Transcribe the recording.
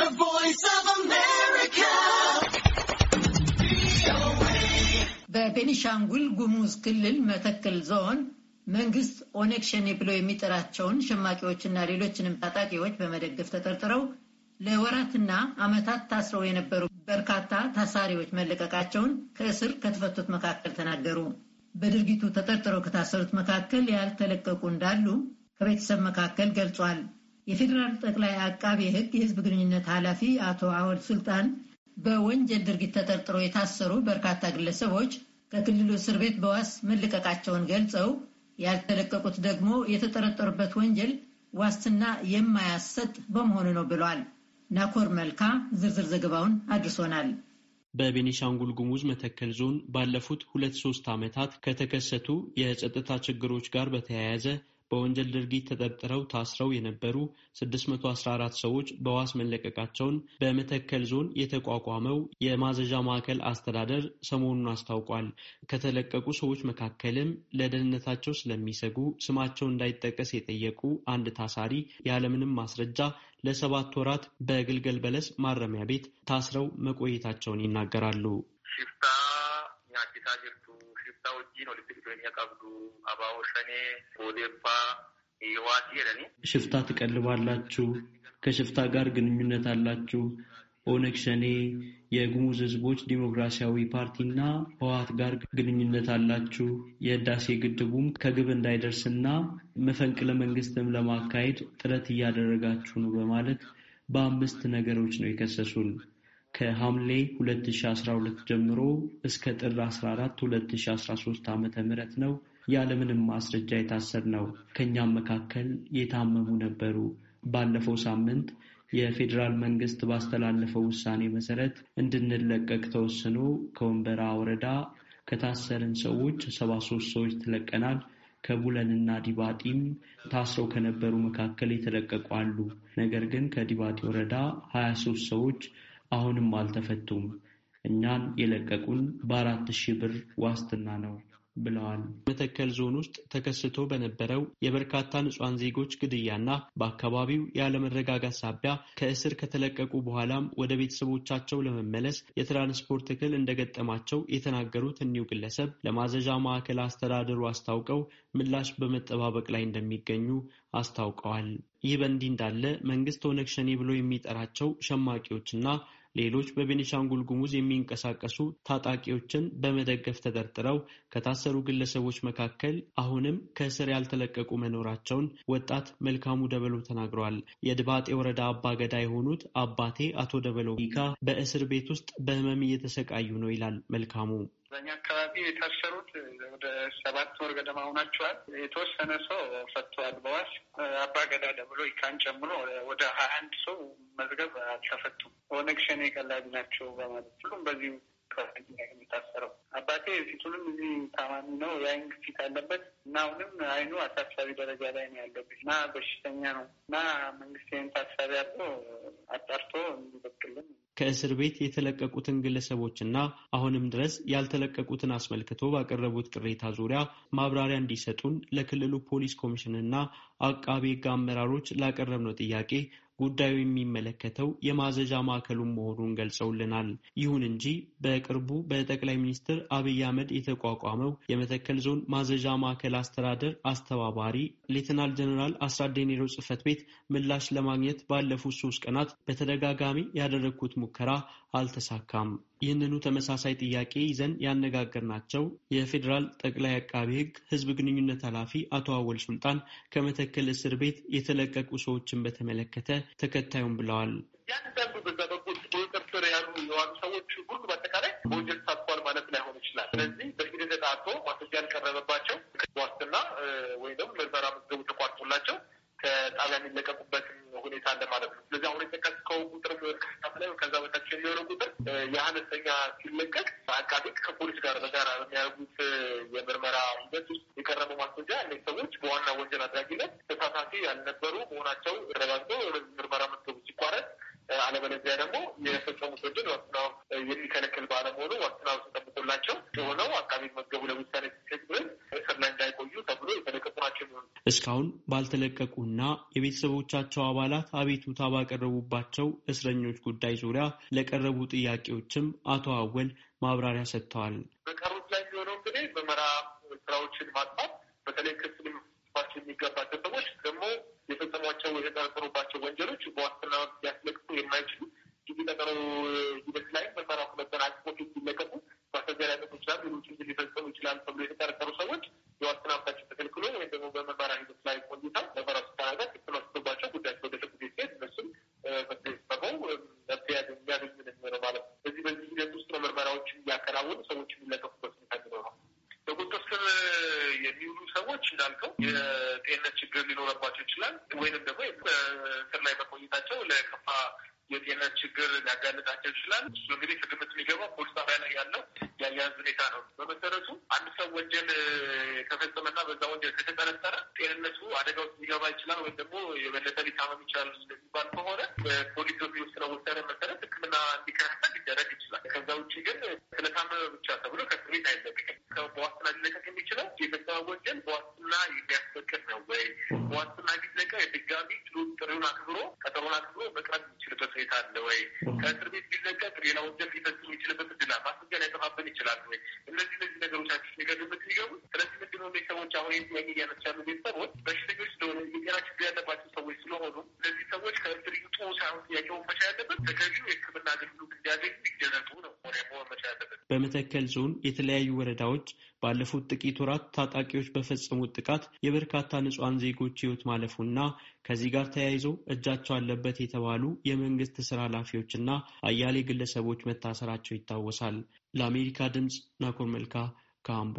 The Voice of America. በቤኒሻንጉል ጉሙዝ ክልል መተከል ዞን መንግስት ኦነግ ሸኔ ብሎ የሚጠራቸውን ሸማቂዎችና ሌሎችንም ታጣቂዎች በመደገፍ ተጠርጥረው ለወራትና ዓመታት ታስረው የነበሩ በርካታ ታሳሪዎች መለቀቃቸውን ከእስር ከተፈቱት መካከል ተናገሩ። በድርጊቱ ተጠርጥረው ከታሰሩት መካከል ያልተለቀቁ እንዳሉ ከቤተሰብ መካከል ገልጿል። የፌዴራል ጠቅላይ አቃቢ ሕግ የህዝብ ግንኙነት ኃላፊ አቶ አወል ሱልጣን በወንጀል ድርጊት ተጠርጥረው የታሰሩ በርካታ ግለሰቦች ከክልሉ እስር ቤት በዋስ መለቀቃቸውን ገልጸው ያልተለቀቁት ደግሞ የተጠረጠሩበት ወንጀል ዋስትና የማያሰጥ በመሆኑ ነው ብሏል። ናኮር መልካ ዝርዝር ዘገባውን አድርሶናል። በቤኒሻንጉል ጉሙዝ መተከል ዞን ባለፉት ሁለት ሶስት ዓመታት ከተከሰቱ የጸጥታ ችግሮች ጋር በተያያዘ በወንጀል ድርጊት ተጠርጥረው ታስረው የነበሩ 614 ሰዎች በዋስ መለቀቃቸውን በመተከል ዞን የተቋቋመው የማዘዣ ማዕከል አስተዳደር ሰሞኑን አስታውቋል። ከተለቀቁ ሰዎች መካከልም ለደህንነታቸው ስለሚሰጉ ስማቸው እንዳይጠቀስ የጠየቁ አንድ ታሳሪ ያለምንም ማስረጃ ለሰባት ወራት በግልገል በለስ ማረሚያ ቤት ታስረው መቆየታቸውን ይናገራሉ። ibsaa wajjiin walitti dhufeenya qabdu abaa'oo shanee boodeeffaa ዋሲ የለኒ ሽፍታ ትቀልባላችሁ፣ ከሽፍታ ጋር ግንኙነት አላችሁ። ኦነግ ሸኔ፣ የጉሙዝ ሕዝቦች ዲሞክራሲያዊ ፓርቲና ህወሓት ጋር ግንኙነት አላችሁ። የህዳሴ ግድቡም ከግብ እንዳይደርስና መፈንቅለ መንግስትም ለማካሄድ ጥረት እያደረጋችሁ ነው በማለት በአምስት ነገሮች ነው የከሰሱን። ከሐምሌ 2012 ጀምሮ እስከ ጥር 14 2013 ዓ ሺ ነው ያለምንም ማስረጃ ነው። ከእኛም መካከል የታመሙ ነበሩ። ባለፈው ሳምንት የፌዴራል መንግስት ባስተላለፈው ውሳኔ መሰረት እንድንለቀቅ ተወስኖ ከወንበራ ወረዳ ከታሰርን ሰዎች ሰባ ሶስት ሰዎች ትለቀናል። ከቡለንና ዲባጢም ታስረው ከነበሩ መካከል የተለቀቁ አሉ። ነገር ግን ከዲባጢ ወረዳ ሀያ ሶስት ሰዎች አሁንም አልተፈቱም። እኛን የለቀቁን በአራት ሺህ ብር ዋስትና ነው ብለዋል። መተከል ዞን ውስጥ ተከስቶ በነበረው የበርካታ ንጹሐን ዜጎች ግድያና በአካባቢው ያለመረጋጋት ሳቢያ ከእስር ከተለቀቁ በኋላም ወደ ቤተሰቦቻቸው ለመመለስ የትራንስፖርት እክል እንደገጠማቸው የተናገሩት እኒው ግለሰብ ለማዘዣ ማዕከል አስተዳደሩ አስታውቀው ምላሽ በመጠባበቅ ላይ እንደሚገኙ አስታውቀዋል። ይህ በእንዲህ እንዳለ መንግስት ኦነግ ሸኔ ብሎ የሚጠራቸው ሸማቂዎችና ሌሎች በቤኒሻንጉል ጉሙዝ የሚንቀሳቀሱ ታጣቂዎችን በመደገፍ ተጠርጥረው ከታሰሩ ግለሰቦች መካከል አሁንም ከእስር ያልተለቀቁ መኖራቸውን ወጣት መልካሙ ደበሎ ተናግረዋል። የድባጤ ወረዳ አባገዳ የሆኑት አባቴ አቶ ደበሎ ቢካ በእስር ቤት ውስጥ በህመም እየተሰቃዩ ነው ይላል መልካሙ። በእኛ አካባቢ የታሰሩት ወደ ሰባት ወር ገደማ ሆናቸዋል። የተወሰነ ሰው ፈቷል በዋስ አባ ገዳ ደብሎ ይካን ጨምሮ ወደ ሀያ አንድ ሰው መዝገብ አልተፈቱም። ኦነግ ሸኔ ቀላቢ ናቸው በማለት ሁሉም በዚሁ የሚታሰረው አባቴ ፊቱንም እዚህ ታማሚ ነው። የአይን ግፊት አለበት እና አሁንም አይኑ አሳሳቢ ደረጃ ላይ ነው ያለው እና በሽተኛ ነው እና መንግስት ይህን ታሳቢ አድርጎ አጣርቶ እንዲበቅልን ከእስር ቤት የተለቀቁትን ግለሰቦችና አሁንም ድረስ ያልተለቀቁትን አስመልክቶ ባቀረቡት ቅሬታ ዙሪያ ማብራሪያ እንዲሰጡን ለክልሉ ፖሊስ ኮሚሽንና አቃቤ ሕግ አመራሮች ላቀረብነው ጥያቄ ጉዳዩ የሚመለከተው የማዘዣ ማዕከሉን መሆኑን ገልጸውልናል። ይሁን እንጂ በቅርቡ በጠቅላይ ሚኒስትር አብይ አህመድ የተቋቋመው የመተከል ዞን ማዘዣ ማዕከል አስተዳደር አስተባባሪ ሌተናል ጀኔራል አስራት ዴኔሮ ጽህፈት ቤት ምላሽ ለማግኘት ባለፉት ሶስት ቀናት በተደጋጋሚ ያደረግኩት ሙከራ አልተሳካም። ይህንኑ ተመሳሳይ ጥያቄ ይዘን ያነጋገርናቸው የፌዴራል ጠቅላይ አቃቢ ሕግ ህዝብ ግንኙነት ኃላፊ አቶ አወል ሱልጣን ከመተከል እስር ቤት የተለቀቁ ሰዎችን በተመለከተ ተከታዩም ብለዋል። እያንዳንዱ በዛ በኩል ቁጥጥር ስር ያሉ የዋሉ ሰዎች ሁሉ በአጠቃላይ በወንጀል ተሳትፏል ማለት ላይሆን ይችላል። ስለዚህ በሂደት አቶ ማስረጃ ላይ ከዛ በታች የሚሆነው ቁጥር የአነስተኛ ሲለቀቅ አቃቤ ከፖሊስ ጋር በጋራ በሚያደርጉት የምርመራ ሂደት ውስጥ የቀረበ ማስረጃ እነዚህ ሰዎች በዋና ወንጀል አድራጊነት ተሳታፊ ያልነበሩ መሆናቸው ተረጋግጦ ምርመራ መዝገቡ ሲቋረጥ አለበለዚያ ደግሞ የፈጸሙት ወንጀል ዋስትናው የሚከለክል ባለመሆኑ ዋስትናው ተጠብቆላቸው የሆነው እስካሁን ባልተለቀቁና የቤተሰቦቻቸው አባላት አቤቱታ ባቀረቡባቸው እስረኞች ጉዳይ ዙሪያ ለቀረቡ ጥያቄዎችም አቶ አወል ማብራሪያ ሰጥተዋል። በቀሩት ላይ የሚሆነው እንግዲህ ምርመራ ስራዎችን ማጥፋት በተለይ ክስ ሊመሰረትባቸው የሚገባቸው ሰዎች ደግሞ የፈጸሟቸው የተጠረጠሩባቸው ወንጀሎች በዋስ ለቁጥጥር ስር የሚኖረው። በቁጥጥር ስር የሚውሉ ሰዎች እንዳልከው የጤንነት ችግር ሊኖረባቸው ይችላል፣ ወይንም ደግሞ ስር ላይ በቆይታቸው ለከፋ የጤንነት ችግር ሊያጋልጣቸው ይችላል። እሱ እንግዲህ ከግምት የሚገባው ፖሊስ ጣቢያ ላይ ያለው የአያያዝ ሁኔታ ነው። በመሰረቱ አንድ ሰው ወንጀል ከፈጸመና በዛ ወንጀል ከተጠረጠረ ጤንነቱ አደጋ ውስጥ ሊገባ ይችላል ወይም ደግሞ የበለጠ ሊታመም ይችላል ስለሚባል ከሆነ በፖሊስ የሚወስነው ውሳኔ መሰረት ሕክምና እንዲከታተል ሊደረግ ይችላል። ከዛ ውጭ ግን ስለታመመ ብቻ ተብሎ ከእስር ቤት አይለቀቅም። በዋስትና ሊለቀቅ የሚችለው የፈጸመው ግን በዋስትና የሚያስፈቅድ ነው ወይ? በዋስትና ቢለቀ ድጋሚ ችሎት ጥሪውን አክብሮ ቀጠሮን አክብሮ መቅረት የሚችልበት ሁኔታ አለ ወይ? ከእስር ቤት ቢለቀቅ ሌላ ወንጀል ሊፈጽም የሚችልበት እድል ማስገን ያጠፋብን ይችላል ወይ? እነዚህ እነዚህ ነገሮች አዲስ የሚገዱበት የሚገቡ ስለዚህ ምንድን ነው ቤተሰቦች አሁን ጥያቄ እያነሳሉ ቤተሰቦች በሽተኞች ስለሆነ የጤና ችግር ያለባቸው ሰዎች ስለሆኑ እነዚህ ሰዎች ከእስር ይውጡ ሳይሆን ጥያቄውን መቻ ያለበት ተገቢው የሕክምና አገልግሎት እንዲያገኙ ይደረጉ ነው። በመተከል ዞን የተለያዩ ወረዳዎች ባለፉት ጥቂት ወራት ታጣቂዎች በፈጸሙት ጥቃት የበርካታ ንጹሐን ዜጎች ህይወት ማለፉና ከዚህ ጋር ተያይዞ እጃቸው አለበት የተባሉ የመንግስት ስራ ኃላፊዎችና አያሌ ግለሰቦች መታሰራቸው ይታወሳል። ለአሜሪካ ድምፅ ናኮር መልካ ካምቦ